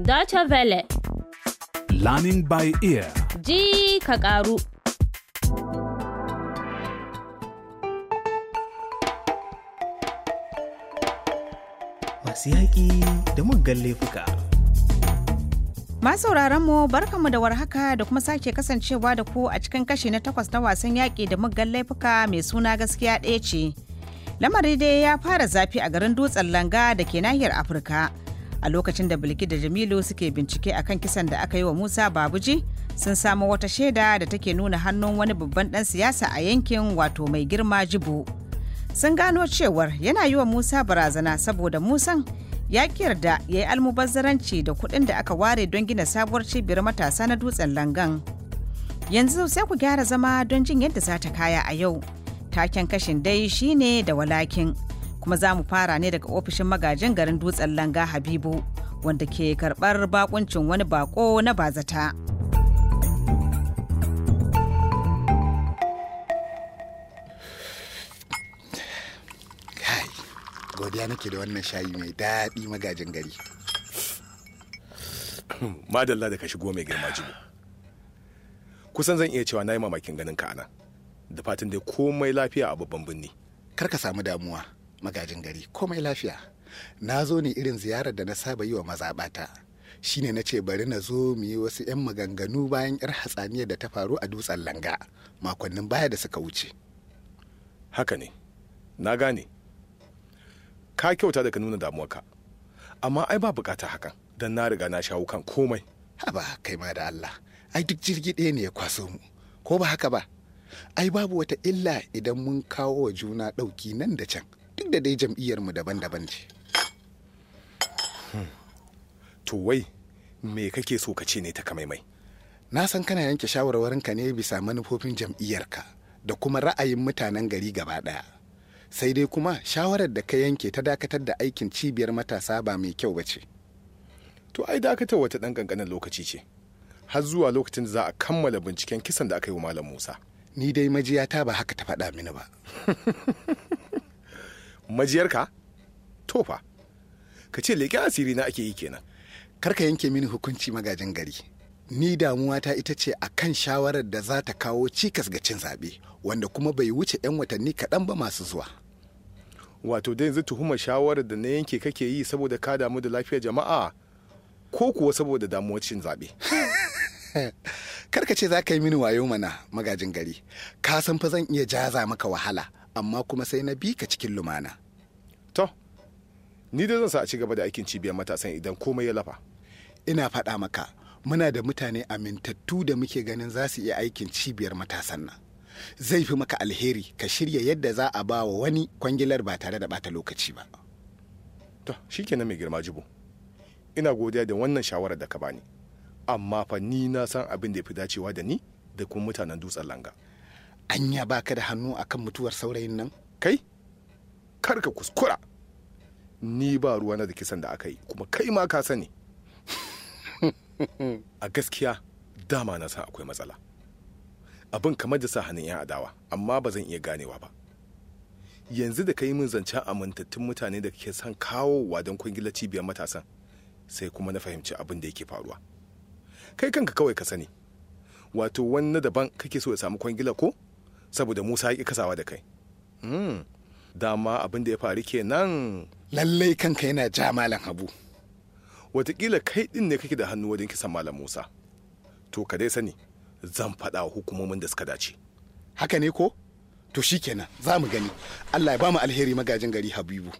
Deutsche Welle. Learning by ear. Ji ka ƙaru. Masu yaƙi da muggan laifuka. Masu mu barkanmu da warhaka da kuma sake kasancewa da ku a cikin kashi na takwas na wasan yaƙi da muggan laifuka mai suna gaskiya ɗaya ce. Lamari dai ya fara zafi a garin dutsen langa da ke nahiyar Afirka. a lokacin da bilki da jamilu suke bincike akan kisan da aka yi wa musa babuji sun samu wata shaida da take nuna hannun wani babban dan siyasa a yankin wato mai girma jibo sun gano cewar yana yi wa musa barazana saboda musan ya kirda ya yi almubazzaranci da kuɗin da aka ware don gina sabuwar cibiyar matasa na dutsen langan yanzu sai ku gyara zama don jin yadda za ta kaya a yau taken kashin dai shine da walakin kuma za mu fara ne daga ofishin magajin garin dutsen langa habibu wanda ke karbar bakuncin wani bako na bazata. godiya nake da wannan shayi mai daɗi magajin gari. Madalla da ka shigo mai girma jibo. Kusan zan iya cewa na yi mamakin ganin ka ana Da fatan dai komai lafiya a babban birni. Kar ka samu damuwa. magajin gari komai lafiya na zo ne irin ziyarar da na saba yi wa mazaɓata shine na ce bari na zo mu yi wasu 'yan maganganu bayan 'yar hatsaniyar da ta faru a dutsen langa makonnin baya da suka wuce haka ne na gane ka kyauta daga nuna damuwarka amma ai ba bukata hakan don na riga na shawo kan komai haba kai ma da allah ai duk jirgi ɗaya ne ya kwaso mu ko ba haka ba ai babu wata illa idan mun kawo wa juna ɗauki nan da can da dai jam'iyyarmu daban-daban ce to wai me kake so ka ce ne ta kamaimai na san kana yanke shawarwarinka ne bisa manufofin jam'iyyarka da kuma ra'ayin mutanen gari gaba ɗaya sai dai kuma shawarar da ka yanke ta dakatar da aikin cibiyar matasa ba mai kyau ba ce to ai dakatar wata ɗan ƙanƙanin lokaci ce har zuwa lokacin da za a kammala binciken kisan da aka yi wa malam musa ni dai majiyata ba haka ta faɗa mini ba majiyarka tofa, ka ce leƙen asiri na ake yi kenan kar ka yanke mini hukunci magajin gari ni damuwa ta ita ce a kan shawarar da za ta kawo cikas ga cin zaɓe wanda kuma bai wuce 'yan watanni kaɗan ba masu zuwa wato da yanzu tuhumar shawarar da na yanke kake yi saboda ka damu da lafiyar jama'a ko kuwa saboda damuwar cin zaɓe karka ce za ka yi mini wayo mana magajin gari ka san fa zan iya jaza maka wahala amma kuma sai na bi ka cikin lumana to ni dai zan sa a ci gaba da aikin cibiyar matasan idan komai ya lafa ina faɗa maka muna da mutane amintattu da muke ganin za su iya aikin cibiyar matasan nan zai fi maka alheri ka shirya yadda za a ba wa wani kwangilar ba tare da bata lokaci ba to shikenan mai girma jibo ina godiya da wannan shawarar da ka bani amma fa ni na san abin da ya fi dacewa da ni da kuma mutanen dutsen langa anya baka da hannu akan mutuwar saurayin nan kai kar kuskura ni ba ruwa na da kisan da aka yi kuma kai ma ka sani a gaskiya dama na san akwai matsala abin kamar da sa hannun 'yan adawa amma ba zan iya ganewa ba yanzu da ka yi min zancen amintattun mutane da ke son kawowa don kwangila cibiyar matasan sai kuma na fahimci abin da yake faruwa kai kanka kawai ka sani wato wani daban kake so ya samu kwangila ko saboda musa ya kasawa da kai hmm. dama abin da ya faru kenan lallai kanka yana ja malam habu Wataƙila kai ɗin ne kake da hannu wajen kisan malam musa to ka dai sani zan faɗa hukumomin da suka dace haka ne ko to shikenan za mu gani allah ya ba mu alheri magajin gari habibu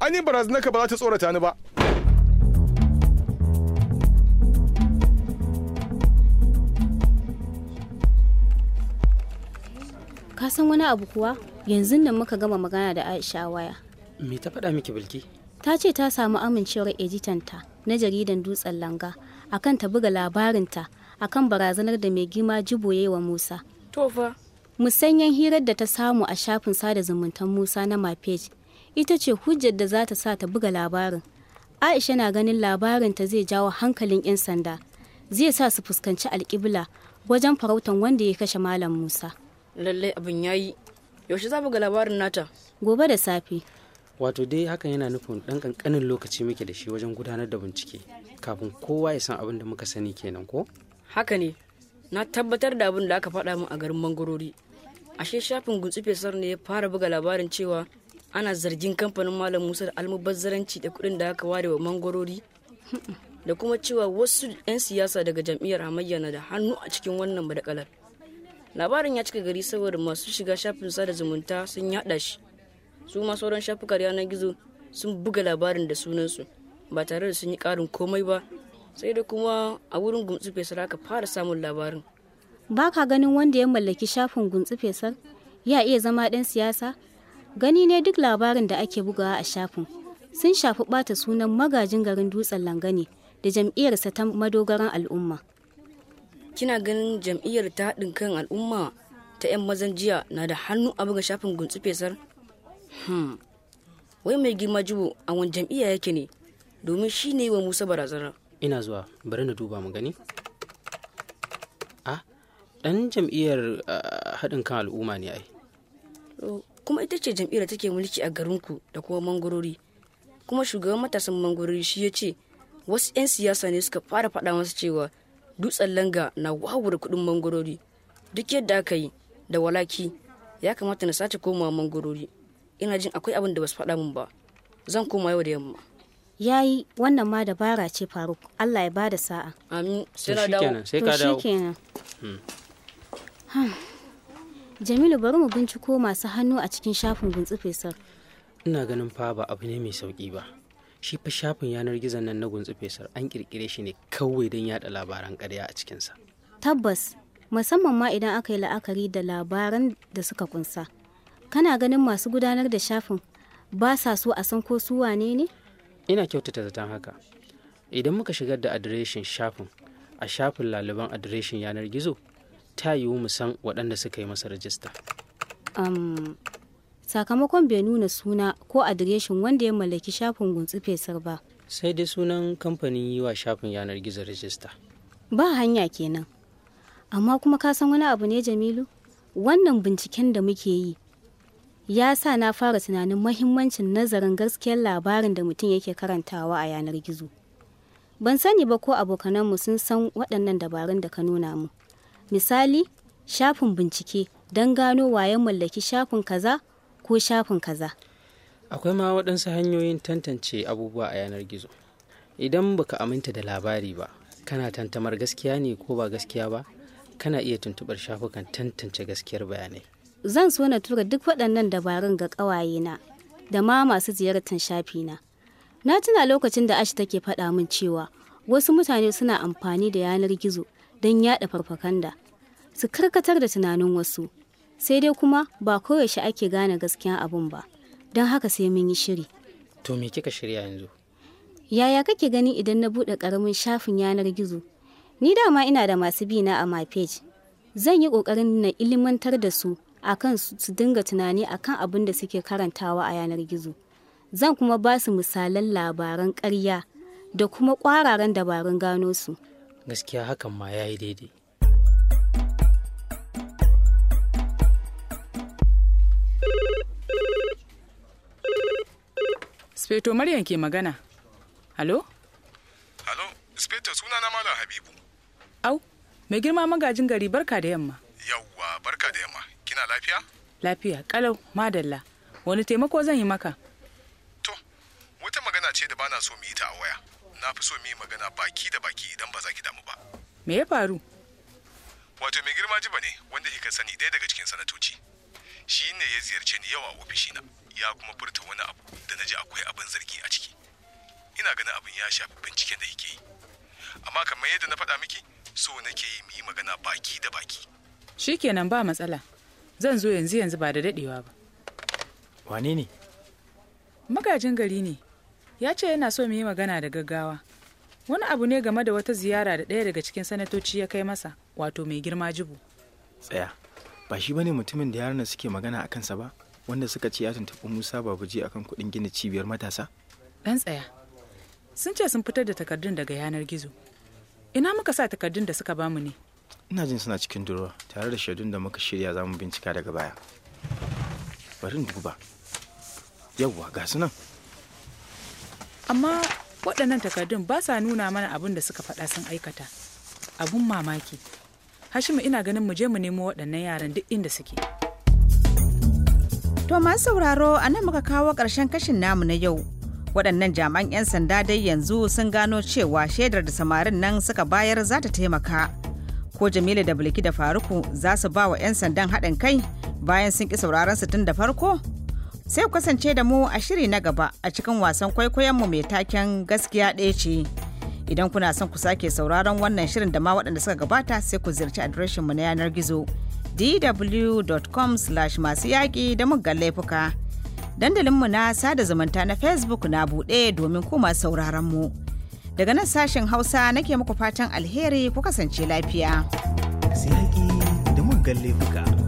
An yi barazanar ka ba za ta tsorata ni ba ka san wani abu kuwa yanzu nan muka gama magana da aisha waya me ta faɗa miki bilki ta ce ta samu amincewar editanta na jaridan dutsen langa akan ta buga labarinta akan barazanar da mai gima jibo yayi wa musa tofa musanyen hirar da ta samu a shafin sada zumuntan musa na mapage ita ce hujjar da za ta sa ta buga labarin aisha na ganin labarinta zai jawo hankalin 'yan sanda zai sa su fuskanci alƙibla wajen farautan wanda ya kashe malam musa lallai abin ya yi yaushe za mu ga labarin nata gobe da safe wato dai hakan yana nufin ɗan kankanin lokaci muke da shi wajen gudanar da bincike kafin kowa ya san abin da muka sani kenan ko haka ne na tabbatar da abin da aka faɗa min a garin mangorori ashe shafin gutsu fesar ne ya fara buga labarin cewa ana zargin kamfanin malam musa da almubazzaranci da kuɗin da aka ware wa mangwarori da kuma cewa wasu 'yan siyasa daga jam'iyyar hamayya na da hannu a cikin wannan madakalar. labarin ya cika gari saboda masu shiga shafin sada zumunta sun yada shi su ma sauran shafukar yanar gizo sun buga labarin da sunansu ba tare da sun yi karin komai ba sai da kuma a wurin gumtsu fesar aka fara samun labarin ba ka ganin wanda ya mallaki shafin gumtsu fesar ya iya zama ɗan siyasa gani ne duk labarin da ake bugawa a shafin sun shafi bata sunan magajin garin dutsen langane da jam'iyyarsa ta madogaran al'umma kina ganin jam'iyyar ta haɗin kan al'umma ta 'yan mazan jiya na da hannu a buga shafin guntsu fesar hmm. wai mai girma jibo a wani jam'iyya yake ne domin shi ne wa musa barazana ina zuwa bari na duba mu gani a ɗan jam'iyyar haɗin kan al'umma ne ai kuma ita ce jam'iyyar take mulki a garinku da kuma mangorori kuma shugaban matasan mangarori shi ya ce wasu 'yan siyasa ne suka fara faɗa masa cewa dutsen langa na wawura kudin mangorori duk yadda aka yi da walaki ya kamata na sace komawa mangorori ina jin akwai abin da basu faɗa min ba zan koma yau da yamma Ya yi wannan ma dabara ce faruk allah ya bada sa'a amin sai ka dawo hmm. Hmm. jamilu bari mu binciko masu hannu a cikin shafin guntsu fesar ina ganin fa ba abu ne mai sauki ba shi fa shafin yanar gizon nan na gunzu fesar an kirkire shi ne kawai don yada labaran karya a cikinsa tabbas musamman ma idan aka yi la'akari da labaran da suka kunsa kana ganin masu gudanar da shafin ba sa so a san ko su wane ne ina kyautata zaton haka idan muka shigar da adireshin shafin a shafin laliban adireshin yanar gizo ta yiwu mu san waɗanda suka yi masa rajista sakamakon bai nuna suna ko adireshin wanda ya mallaki shafin guntsi fesar ba sai dai sunan kamfanin yi wa shafin yanar gizo rajista ba hanya kenan amma kuma ka san wani abu ne jamilu wannan binciken da muke yi ya sa na fara tunanin mahimmancin nazarin gaskiyar labarin da mutum yake karantawa a yanar gizo ban sani ba ko abokananmu sun san waɗannan dabarun da ka nuna mu misali shafin bincike don gano waye mallaki shafin kaza ko shafin kaza akwai ma waɗansu hanyoyin tantance abubuwa a yanar gizo idan baka aminta da labari ba kana tantamar gaskiya ne ko ba gaskiya ba kana iya tuntubar shafukan tantance gaskiyar bayanai zan so na tura duk waɗannan dabarun ga ƙawayena da ma masu ziyartar shafina na tuna lokacin da ash take faɗa min cewa wasu mutane suna amfani da yanar gizo don yaɗa farfakanda su karkatar da tunanin wasu sai dai kuma ba koyaushe ake gane gaskiyan abun ba don haka sai mun yi shiri to me kika shirya yanzu yaya kake gani idan na bude karamin shafin yanar gizo ni dama ina da masu bi na a my page zan yi kokarin na ilimantar da su akan su dinga tunani akan abin da suke karantawa a yanar gizo zan kuma ba su misalan labaran ƙarya da kuma ƙwararan dabarun gano su gaskiya hakan ma ya yi daidai Speto Maryam ke magana. Halo? Halo, Speto sunana Malam Habibu. Au, mai girma magajin gari barka da yamma. Yawwa, barka da yamma. Kina lafiya? Lafiya, kalau, madalla. Wani taimako zan yi maka? To, wata magana ce da bana so mu yi ta a waya. Na fi so mu yi magana baki da baki idan ba za ki damu ba. Me ya faru? Wato mai girma jiba ne wanda kika sani ɗaya daga cikin sanatoci. Shi ne ya ziyarce ni yawa a ofishina. ya kuma furta wani abu da na ji akwai abin zargi a ciki ina ganin abin ya shafi binciken da yake yi amma kamar yadda na faɗa miki so nake yi mu yi magana baki da baki shikenan ba matsala zan zo yanzu yanzu ba da daɗewa ba wane ne magajin gari ne ya ce yana so mu yi magana da gaggawa wani abu ne game da wata ziyara da ɗaya daga cikin sanatoci ya kai masa wato mai girma jibu tsaya ba shi bane mutumin da yaran suke magana a kansa ba wanda suka ce ya tuntuɓi musa babuji akan kuɗin gina cibiyar matasa ɗan tsaya sun ce sun fitar da takardun daga yanar gizo ina muka sa takardun da suka bamu ne ina jin suna cikin durowa tare da shaidun da muka shirya za mu bincika daga baya bari duba yawwa ga su nan amma waɗannan takardun ba sa nuna mana abin da suka faɗa sun aikata abun mamaki hashimu ina ganin mu je mu nemo waɗannan yaran duk inda suke To masu sauraro a nan muka kawo ƙarshen kashin namu na yau. Waɗannan jami'an 'yan sanda dai yanzu sun gano cewa shaidar da samarin nan suka bayar za ta taimaka. Ko Jamilu da Bilki da Faruku za su ba wa 'yan sandan haɗin kai bayan sun ƙi sauraron su tun da farko? Sai kasance da mu a shiri na gaba a cikin wasan kwaikwayon mu mai taken gaskiya ɗaya ce. Idan kuna son ku sake sauraron wannan shirin da ma waɗanda suka gabata sai ku ziyarci adireshinmu na yanar gizo. dw.com masu yaƙi da muggan laifuka. Dandalinmu na sada zumunta na Facebook na buɗe domin kuma sauraronmu Daga nan sashen Hausa nake muku fatan alheri ku kasance lafiya. Masu yaƙi da muggan laifuka.